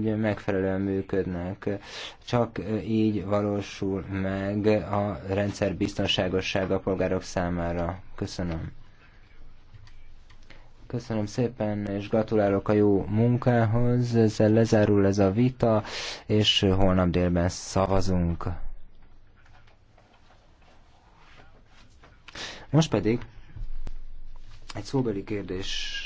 megfelelően működnek. Csak így valósul meg a rendszer biztonságossága a polgárok számára. Köszönöm. Köszönöm szépen, és gratulálok a jó munkához. Ezzel lezárul ez a vita, és holnap délben szavazunk. Most pedig egy szóbeli kérdés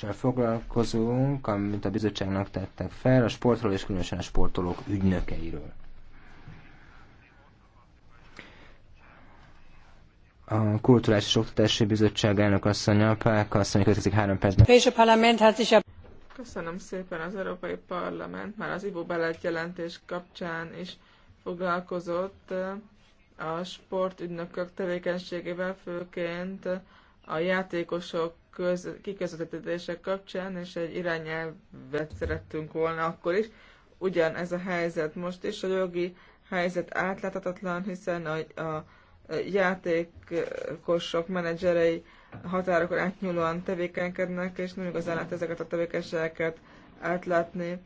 foglalkozunk, amit a bizottságnak tettek fel, a sportról és különösen a sportolók ügynökeiről. a Kulturális és Oktatási Bizottság elnök asszonya, Pák asszony következik három percben. Hát Köszönöm szépen az Európai Parlament, már az Ivo Belet jelentés kapcsán is foglalkozott a sportügynökök tevékenységével, főként a játékosok kiközvetítések kapcsán, és egy irányelvet szerettünk volna akkor is. Ugyan ez a helyzet most is, a jogi helyzet átláthatatlan, hiszen a, a játékosok, menedzserei határokon átnyúlóan tevékenykednek, és nem igazán lehet ezeket a tevékenységeket átlátni.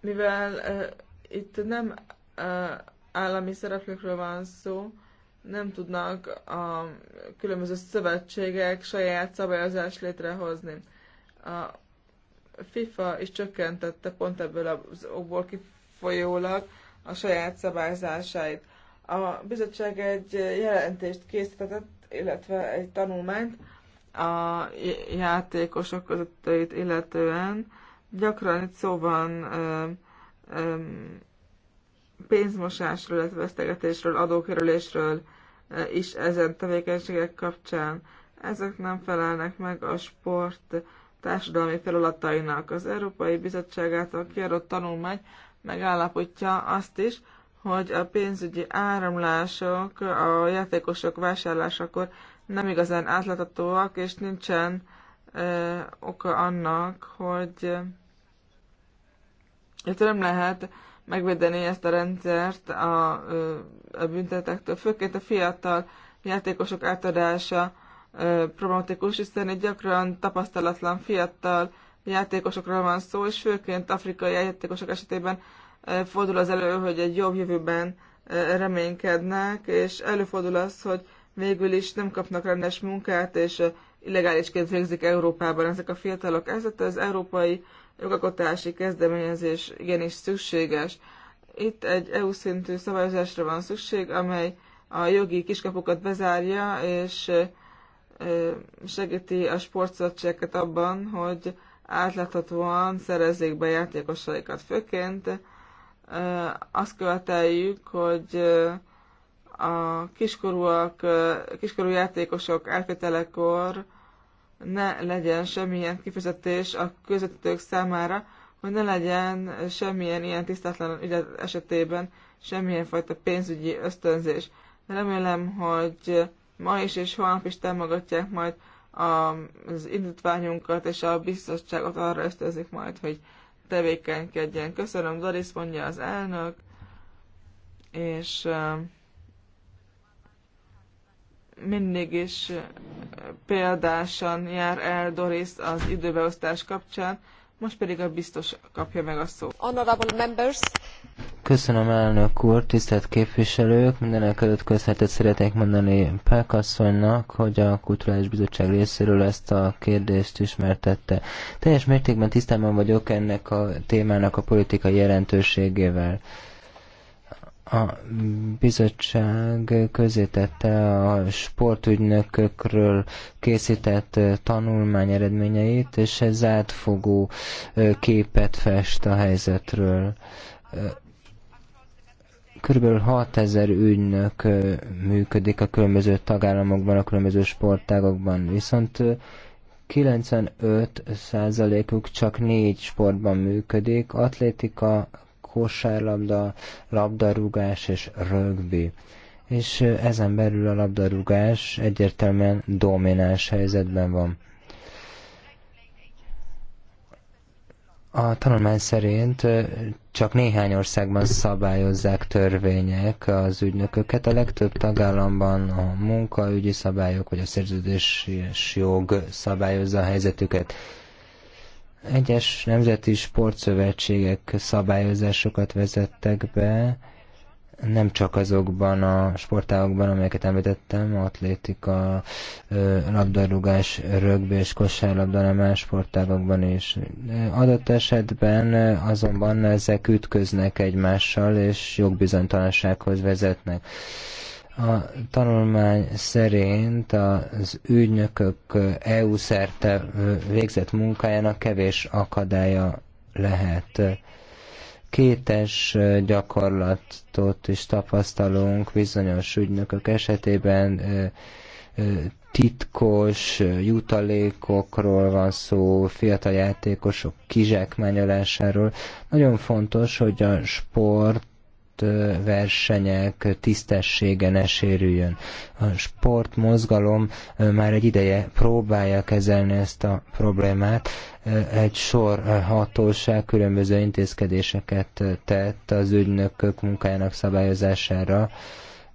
Mivel uh, itt nem uh, állami szereplőkről van szó, nem tudnak a különböző szövetségek saját szabályozást létrehozni. A FIFA is csökkentette pont ebből az okból kifolyólag a saját szabályzásait. A bizottság egy jelentést készített, illetve egy tanulmányt a játékosok között illetően. Gyakran itt szó van ö, ö, pénzmosásról, illetve vesztegetésről, adókerülésről e, is ezen tevékenységek kapcsán. Ezek nem felelnek meg a sport társadalmi feladatainak. Az Európai Bizottság által kiadott tanulmány megállapítja azt is, hogy a pénzügyi áramlások a játékosok vásárlásakor nem igazán átláthatóak, és nincsen ö, e, oka annak, hogy ö, nem lehet megvédeni ezt a rendszert a, a büntetektől. Főként a fiatal játékosok átadása problematikus, hiszen egy gyakran tapasztalatlan fiatal játékosokról van szó, és főként afrikai játékosok esetében fordul az elő, hogy egy jobb jövőben reménykednek, és előfordul az, hogy végül is nem kapnak rendes munkát, és illegálisként végzik Európában ezek a fiatalok. Ezért az európai uh, jogakotási kezdeményezés igenis szükséges. Itt egy EU szintű szabályozásra van szükség, amely a jogi kiskapukat bezárja, és segíti a sportszövetségeket abban, hogy átláthatóan szerezzék be játékosaikat. Főként azt követeljük, hogy a kiskorúak, kiskorú játékosok elkötelekor ne legyen semmilyen kifizetés a közöttők számára, hogy ne legyen semmilyen ilyen tisztátlan ügyet esetében semmilyen fajta pénzügyi ösztönzés. Remélem, hogy ma is és holnap is támogatják majd az indítványunkat, és a biztonságot arra ösztönzik majd, hogy tevékenykedjen. Köszönöm, Doris mondja az elnök, és mindig is példásan jár el Doris az időbeosztás kapcsán, most pedig a biztos kapja meg a szót. Honorable members. Köszönöm elnök úr, tisztelt képviselők, mindenek előtt köszönetet szeretnék mondani Pák asszonynak, hogy a Kulturális Bizottság részéről ezt a kérdést ismertette. Teljes mértékben tisztában vagyok ennek a témának a politikai jelentőségével a bizottság közétette a sportügynökökről készített tanulmány eredményeit, és ez átfogó képet fest a helyzetről. Körülbelül 6000 ügynök működik a különböző tagállamokban, a különböző sportágokban, viszont 95%-uk csak négy sportban működik, atlétika, kosárlabda, labdarúgás és rögbi. És ezen belül a labdarúgás egyértelműen domináns helyzetben van. A tanulmány szerint csak néhány országban szabályozzák törvények az ügynököket. A legtöbb tagállamban a munkaügyi szabályok vagy a szerződési jog szabályozza a helyzetüket. Egyes nemzeti sportszövetségek szabályozásokat vezettek be, nem csak azokban a sportágokban, amelyeket említettem, atlétika, labdarúgás, rögbi és kosárlabda, hanem más sportágokban is. Adott esetben azonban ezek ütköznek egymással, és jogbizonytalansághoz vezetnek. A tanulmány szerint az ügynökök EU szerte végzett munkájának kevés akadálya lehet. Kétes gyakorlatot is tapasztalunk bizonyos ügynökök esetében, titkos jutalékokról van szó, fiatal játékosok kizsákmányolásáról. Nagyon fontos, hogy a sport versenyek tisztessége ne sérüljön. A sportmozgalom már egy ideje próbálja kezelni ezt a problémát. Egy sor hatóság különböző intézkedéseket tett az ügynökök munkájának szabályozására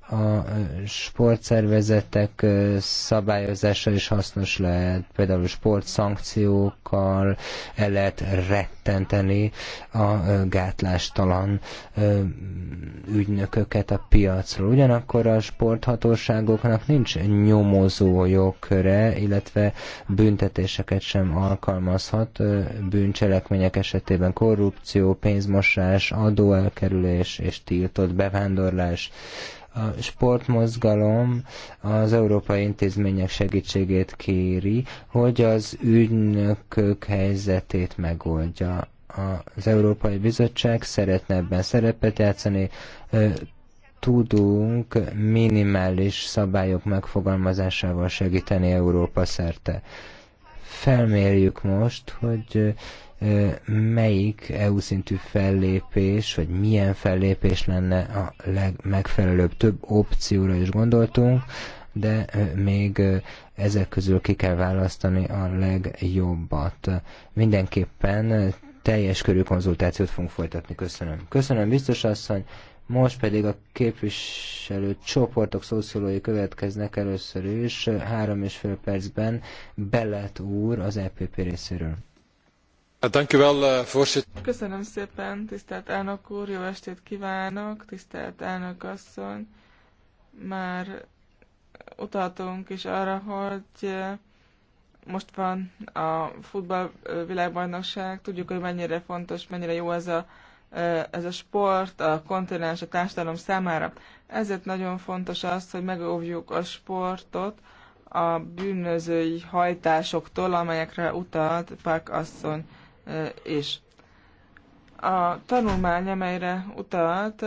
a sportszervezetek szabályozása is hasznos lehet, például sportszankciókkal el lehet rettenteni a gátlástalan ügynököket a piacról. Ugyanakkor a sporthatóságoknak nincs nyomozó jogköre, illetve büntetéseket sem alkalmazhat bűncselekmények esetében korrupció, pénzmosás, adóelkerülés és tiltott bevándorlás a sportmozgalom az európai intézmények segítségét kéri, hogy az ügynökök helyzetét megoldja. Az Európai Bizottság szeretne ebben szerepet játszani, tudunk minimális szabályok megfogalmazásával segíteni Európa szerte. Felmérjük most, hogy melyik EU szintű fellépés, vagy milyen fellépés lenne a legmegfelelőbb. Több opcióra is gondoltunk, de még ezek közül ki kell választani a legjobbat. Mindenképpen teljes körű konzultációt fogunk folytatni. Köszönöm. Köszönöm, biztos asszony. Most pedig a képviselő csoportok szószólói következnek először is, három és fél percben Bellet úr az EPP részéről. Eh, Köszönöm szépen, tisztelt elnök úr, jó estét kívánok, tisztelt elnök asszony. Már utaltunk is arra, hogy eh, most van a futball eh, világbajnokság, tudjuk, hogy mennyire fontos, mennyire jó ez a, ez a sport a kontinens, a társadalom számára. Ezért nagyon fontos az, hogy megóvjuk a sportot a bűnözői hajtásoktól, amelyekre utalt Park asszony és A tanulmány, amelyre utalt,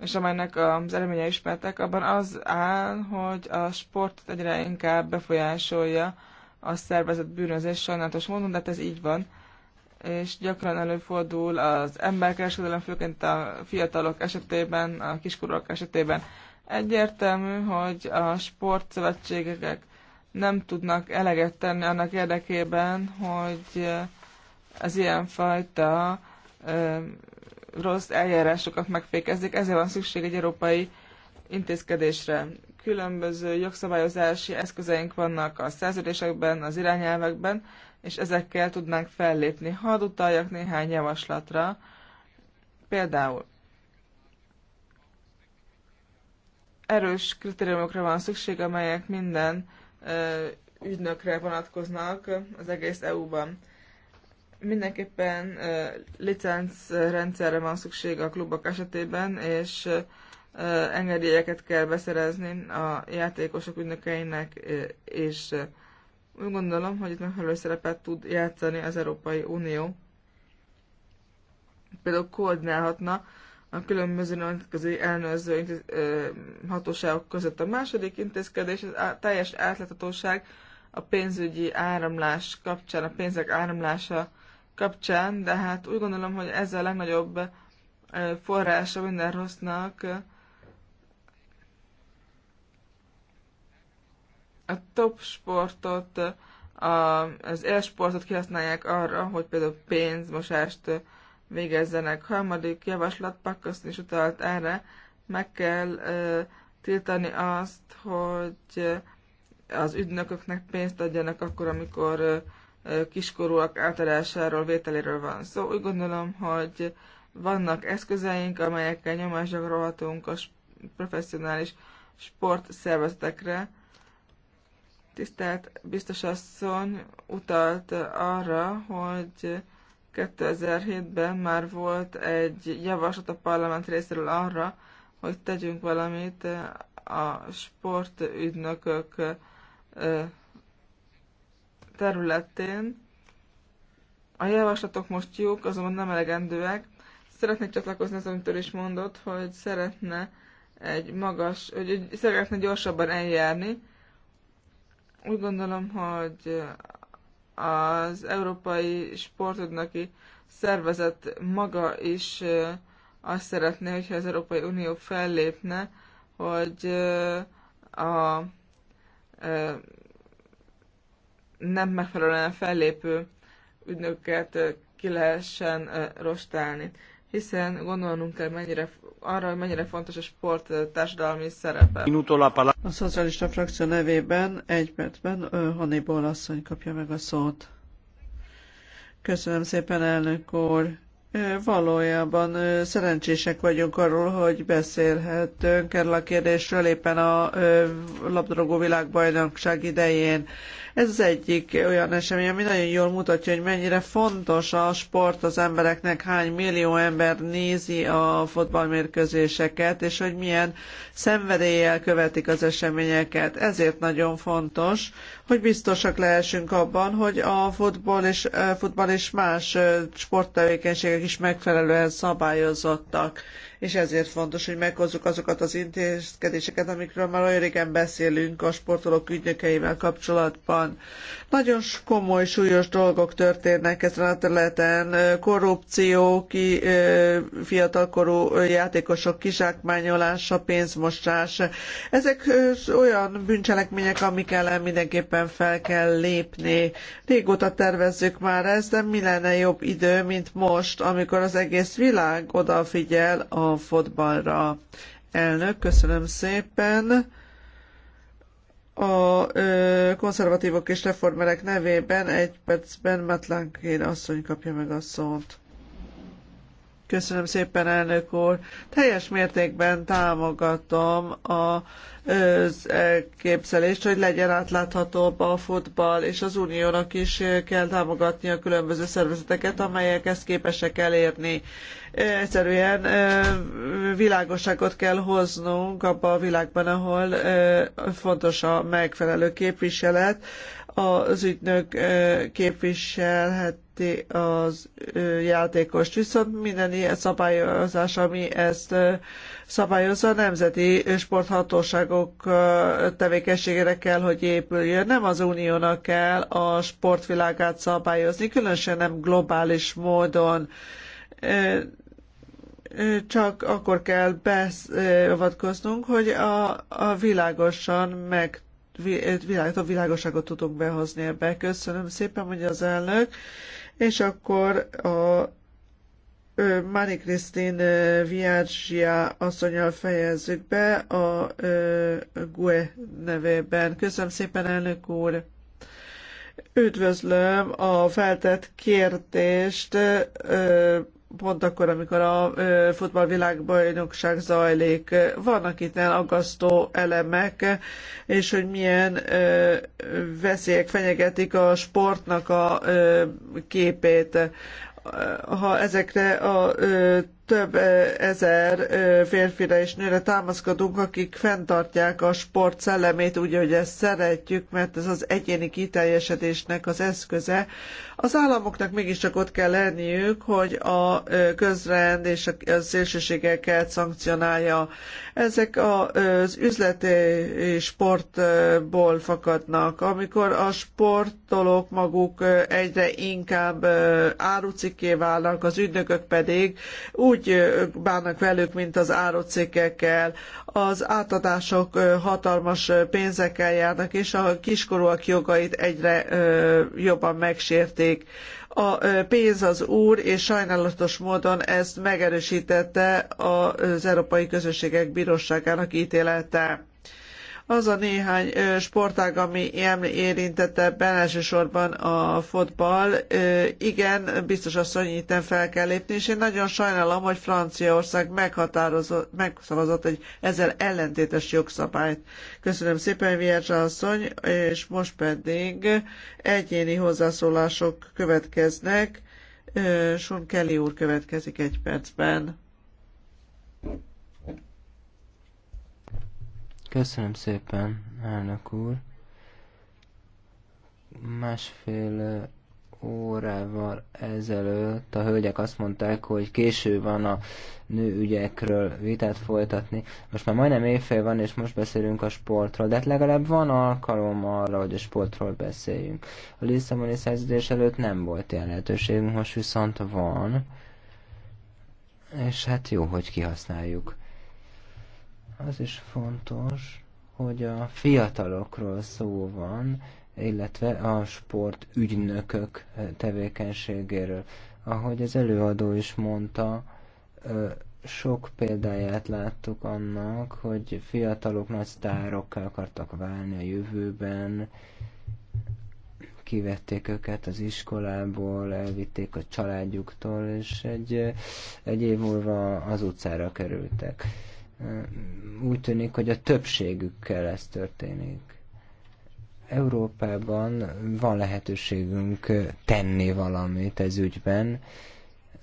és amelynek az eredménye ismertek, abban az áll, hogy a sportot egyre inkább befolyásolja a szervezet bűnözés sajnálatos módon, de hát ez így van és gyakran előfordul az emberkereskedelem, főként a fiatalok esetében, a kiskorúak esetében. Egyértelmű, hogy a sportszövetségek nem tudnak eleget tenni annak érdekében, hogy eh, az ilyenfajta eh, rossz eljárásokat megfékezzék. Ezért van szükség egy európai intézkedésre. Különböző jogszabályozási eszközeink vannak a szerződésekben, az irányelvekben, és ezekkel tudnánk fellépni. Hadd utaljak néhány javaslatra. Például erős kritériumokra van szükség, amelyek minden ügynökre vonatkoznak az egész EU-ban. Mindenképpen licencrendszerre van szükség a klubok esetében, és engedélyeket kell beszerezni a játékosok ügynökeinek, és úgy gondolom, hogy itt megfelelő szerepet tud játszani az Európai Unió. Például koordinálhatna a különböző nemzetközi ellenőrző hatóságok között. A második intézkedés a teljes átláthatóság a pénzügyi áramlás kapcsán, a pénzek áramlása kapcsán, de hát úgy gondolom, hogy ez a legnagyobb forrása minden rossznak. A top sportot, az élsportot kihasználják arra, hogy például pénzmosást végezzenek. Harmadik javaslat, Pakkasz is utalt erre, meg kell ö, tiltani azt, hogy az ügynököknek pénzt adjanak akkor, amikor ö, kiskorúak átadásáról, vételéről van szó. Szóval úgy gondolom, hogy vannak eszközeink, amelyekkel nyomásra rohatunk a professzionális sportszervezetekre. Tisztelt biztos asszony utalt arra, hogy 2007-ben már volt egy javaslat a parlament részéről arra, hogy tegyünk valamit a sportügynökök területén. A javaslatok most jók, azonban nem elegendőek. Szeretnék csatlakozni az, amitől is mondott, hogy szeretne egy magas, hogy szeretne gyorsabban eljárni. Úgy gondolom, hogy az Európai Sportodnoki Szervezet maga is azt szeretné, hogyha az Európai Unió fellépne, hogy a nem megfelelően fellépő ügynöket ki lehessen rostálni hiszen gondolnunk kell mennyire, arra, hogy mennyire fontos a sport társadalmi szerepe. A szocialista frakció nevében egy percben Hannibal asszony kapja meg a szót. Köszönöm szépen, elnök úr. Valójában szerencsések vagyunk arról, hogy beszélhetünk erről a kérdésről éppen a labdarúgó világbajnokság idején. Ez az egyik olyan esemény, ami nagyon jól mutatja, hogy mennyire fontos a sport az embereknek, hány millió ember nézi a futballmérkőzéseket, és hogy milyen szenvedéllyel követik az eseményeket. Ezért nagyon fontos, hogy biztosak lehessünk abban, hogy a futball és, eh, futball és más eh, sporttevékenységek is megfelelően szabályozottak és ezért fontos, hogy meghozzuk azokat az intézkedéseket, amikről már olyan régen beszélünk a sportolók ügynökeivel kapcsolatban. Nagyon komoly, súlyos dolgok történnek ezen a területen, korrupció, ki, fiatalkorú játékosok kizsákmányolása, pénzmosás. Ezek olyan bűncselekmények, amik ellen mindenképpen fel kell lépni. Régóta tervezzük már ezt, de mi lenne jobb idő, mint most, amikor az egész világ odafigyel a a fotballra. Elnök, köszönöm szépen a ö, konzervatívok és reformerek nevében egy percben Matlán asszony kapja meg a szót. Köszönöm szépen, elnök úr. Teljes mértékben támogatom az elképzelést, hogy legyen átláthatóbb a futball, és az uniónak is kell támogatni a különböző szervezeteket, amelyek ezt képesek elérni. Egyszerűen világosságot kell hoznunk abban a világban, ahol fontos a megfelelő képviselet, az ügynök képviselhet az játékost. Viszont minden ilyen szabályozás, ami ezt szabályozza, a nemzeti sporthatóságok tevékenységére kell, hogy épüljön. Nem az uniónak kell a sportvilágát szabályozni, különösen nem globális módon csak akkor kell beavatkoznunk, hogy a, a világosan meg világ, a világosságot tudunk behozni ebbe. Köszönöm szépen, mondja az elnök és akkor a Mari Krisztin Viágsia asszonyal fejezzük be a GUE nevében. Köszönöm szépen, elnök úr! Üdvözlöm a feltett kérdést pont akkor, amikor a futballvilágbajnokság zajlik. Vannak itt aggasztó elemek, és hogy milyen veszélyek fenyegetik a sportnak a képét. Ha ezekre a több ezer férfire és nőre támaszkodunk, akik fenntartják a sport szellemét úgy, hogy ezt szeretjük, mert ez az egyéni kiteljesedésnek az eszköze. Az államoknak mégiscsak ott kell lenniük, hogy a közrend és a szélsőségeket szankcionálja. Ezek az üzleti sportból fakadnak. Amikor a sportolók maguk egyre inkább árucikké válnak, az ügynökök pedig úgy úgy bánnak velük, mint az árucikkekkel. Az átadások hatalmas pénzekkel járnak, és a kiskorúak jogait egyre jobban megsértik a pénz az úr, és sajnálatos módon ezt megerősítette az Európai Közösségek Bíróságának ítélete. Az a néhány sportág, ami érintette ebben, elsősorban a fotball, igen, biztos asszony itten fel kell lépni, és én nagyon sajnálom, hogy Franciaország meghatározott, megszavazott egy ezzel ellentétes jogszabályt. Köszönöm szépen, Viercsa asszony, és most pedig egyéni hozzászólások következnek. Sun Kelly úr következik egy percben. Köszönöm szépen, elnök úr. Másfél órával ezelőtt a hölgyek azt mondták, hogy késő van a nőügyekről vitát folytatni. Most már majdnem évfél van, és most beszélünk a sportról, de hát legalább van alkalom arra, hogy a sportról beszéljünk. A Lisszaboni szerződés előtt nem volt ilyen lehetőségünk, most viszont van, és hát jó, hogy kihasználjuk. Az is fontos, hogy a fiatalokról szó van, illetve a sport ügynökök tevékenységéről. Ahogy az előadó is mondta, sok példáját láttuk annak, hogy fiatalok nagy sztárokká akartak válni a jövőben, kivették őket az iskolából, elvitték a családjuktól, és egy, egy év múlva az utcára kerültek úgy tűnik, hogy a többségükkel ez történik. Európában van lehetőségünk tenni valamit ez ügyben,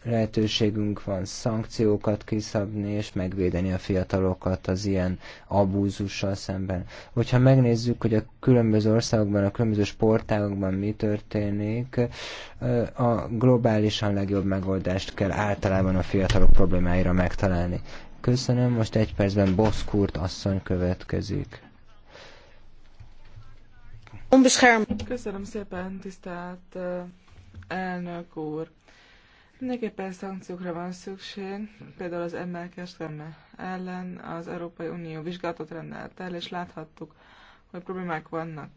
lehetőségünk van szankciókat kiszabni és megvédeni a fiatalokat az ilyen abúzussal szemben. Hogyha megnézzük, hogy a különböző országokban, a különböző sportágokban mi történik, a globálisan legjobb megoldást kell általában a fiatalok problémáira megtalálni. Köszönöm, most egy percben Boszkurt asszony következik. Köszönöm szépen, tisztelt elnök úr. Mindenképpen szankciókra van szükség, például az emelkedelme ellen az Európai Unió vizsgálatot rendelt el, és láthattuk, hogy problémák vannak.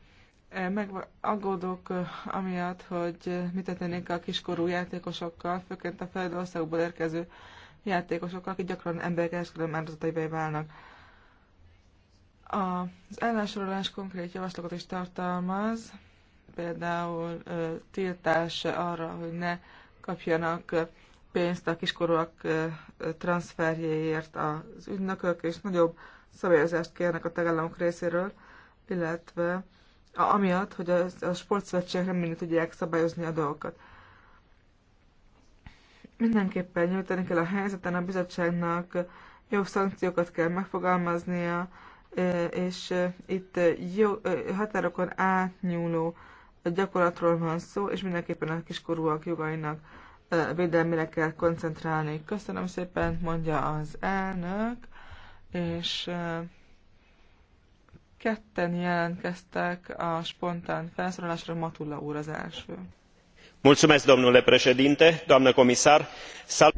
Meg aggódok amiatt, hogy mit tennék a kiskorú játékosokkal, főként a fejlődő országokból érkező játékosokkal, akik gyakran emberkereskedelem áldozataivé válnak. Az ellensorolás konkrét javaslatokat is tartalmaz, például tiltás arra, hogy ne kapjanak pénzt a kiskorúak transferjéért az ügynökök, és nagyobb szabályozást kérnek a tagállamok részéről, illetve amiatt, hogy a, a sportszövetségek nem mindig tudják szabályozni a dolgokat. Mindenképpen nyújtani kell a helyzeten, a bizottságnak jó szankciókat kell megfogalmaznia, és itt jó, határokon átnyúló gyakorlatról van szó, és mindenképpen a kiskorúak jogainak védelmére kell koncentrálni. Köszönöm szépen, mondja az elnök, és ketten jelentkeztek a spontán felszólalásra, Matulla úr az első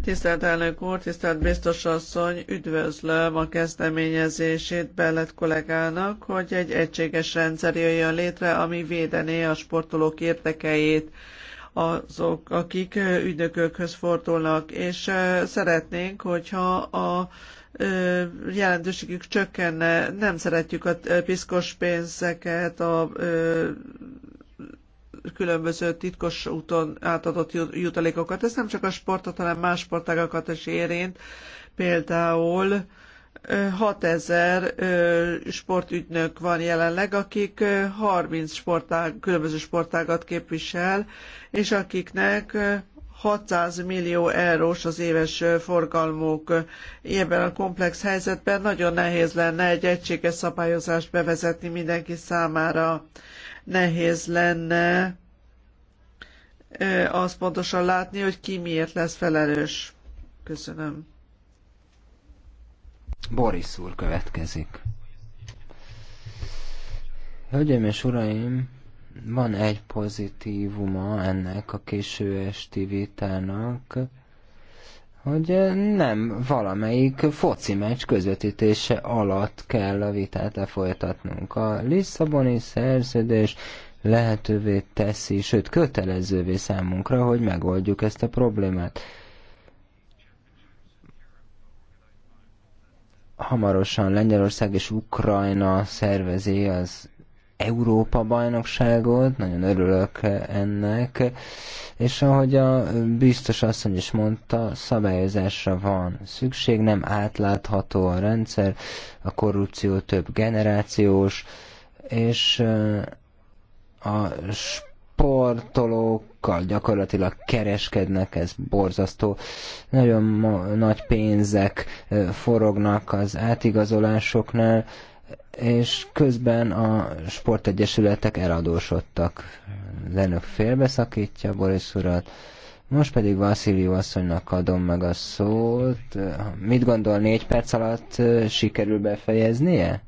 tisztelt elnök úr tisztelt biztos asszony üdvözlöm a kezdeményezését belet kollégának hogy egy egységes rendszer jöjjön létre ami védené a sportolók érdekeit azok akik ügynökökhöz fordulnak és szeretnénk hogyha a jelentőségük csökkenne nem szeretjük a piszkos pénzeket a különböző titkos úton átadott jutalékokat. Ez nem csak a sportot, hanem más sportágakat is érint. Például 6000 sportügynök van jelenleg, akik 30 sportág, különböző sportágat képvisel, és akiknek 600 millió eurós az éves forgalmuk. Ebben a komplex helyzetben nagyon nehéz lenne egy egységes szabályozást bevezetni mindenki számára. Nehéz lenne az pontosan látni, hogy ki miért lesz felelős. Köszönöm. Boris úr következik. Hölgyeim és uraim, van egy pozitívuma ennek a késő esti vitának, hogy nem valamelyik foci meccs közvetítése alatt kell a vitát lefolytatnunk. A Lisszaboni szerződés lehetővé teszi, sőt kötelezővé számunkra, hogy megoldjuk ezt a problémát. Hamarosan Lengyelország és Ukrajna szervezi az Európa bajnokságot, nagyon örülök ennek, és ahogy a biztos asszony is mondta, szabályozásra van szükség, nem átlátható a rendszer, a korrupció több generációs, és a sportolókkal gyakorlatilag kereskednek, ez borzasztó. Nagyon nagy pénzek forognak az átigazolásoknál, és közben a sportegyesületek eladósodtak. Lenök félbeszakítja Boris urat, most pedig Vasszilió asszonynak adom meg a szót. Mit gondol, négy perc alatt sikerül befejeznie?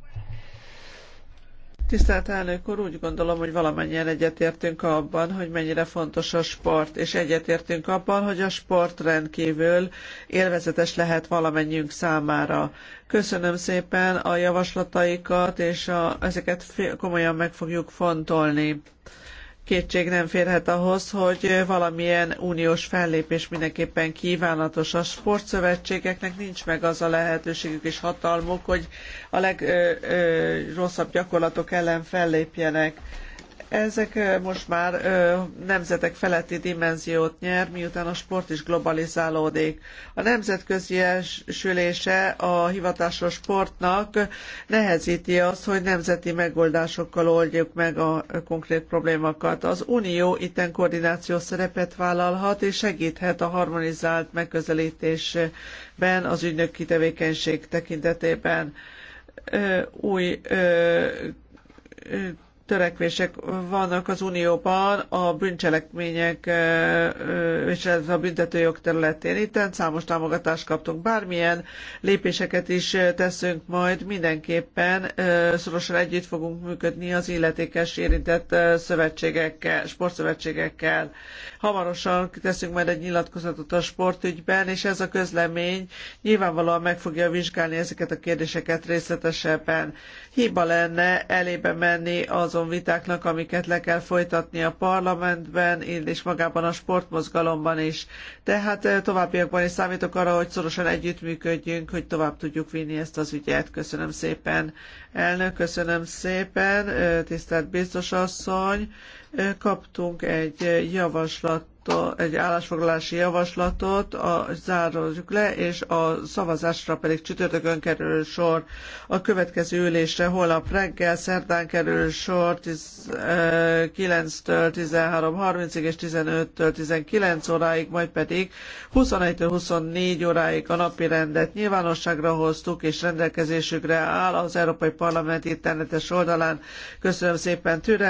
Tisztelt elnök úr, úgy gondolom, hogy valamennyien egyetértünk abban, hogy mennyire fontos a sport, és egyetértünk abban, hogy a sport rendkívül élvezetes lehet valamennyiünk számára. Köszönöm szépen a javaslataikat, és a, ezeket komolyan meg fogjuk fontolni kétség nem férhet ahhoz, hogy valamilyen uniós fellépés mindenképpen kívánatos. A sportszövetségeknek nincs meg az a lehetőségük és hatalmuk, hogy a legrosszabb gyakorlatok ellen fellépjenek ezek most már nemzetek feletti dimenziót nyer, miután a sport is globalizálódik. A nemzetközi esülése a hivatásos sportnak nehezíti azt, hogy nemzeti megoldásokkal oldjuk meg a konkrét problémákat. Az Unió itten koordinációs szerepet vállalhat és segíthet a harmonizált megközelítésben az ügynöki tevékenység tekintetében. Új törekvések vannak az Unióban a bűncselekmények és ez a büntetőjog területén. Itt számos támogatást kaptunk. Bármilyen lépéseket is teszünk majd, mindenképpen szorosan együtt fogunk működni az illetékes érintett szövetségekkel, sportszövetségekkel. Hamarosan teszünk majd egy nyilatkozatot a sportügyben, és ez a közlemény nyilvánvalóan meg fogja vizsgálni ezeket a kérdéseket részletesebben. Hiba lenne elébe menni az azon vitáknak, amiket le kell folytatni a parlamentben, és magában a sportmozgalomban is. Tehát továbbiakban is számítok arra, hogy szorosan együttműködjünk, hogy tovább tudjuk vinni ezt az ügyet. Köszönöm szépen, elnök, köszönöm szépen, tisztelt biztos asszony. Kaptunk egy javaslat a egy állásfoglalási javaslatot a, zárjuk le, és a szavazásra pedig csütörtökön kerül sor. A következő ülésre holnap reggel, szerdán kerül sor 9-től 13.30-ig és 15-től 19 óráig, majd pedig 21-től 24 óráig a napi rendet nyilvánosságra hoztuk, és rendelkezésükre áll az Európai Parlament internetes oldalán. Köszönöm szépen türelmet!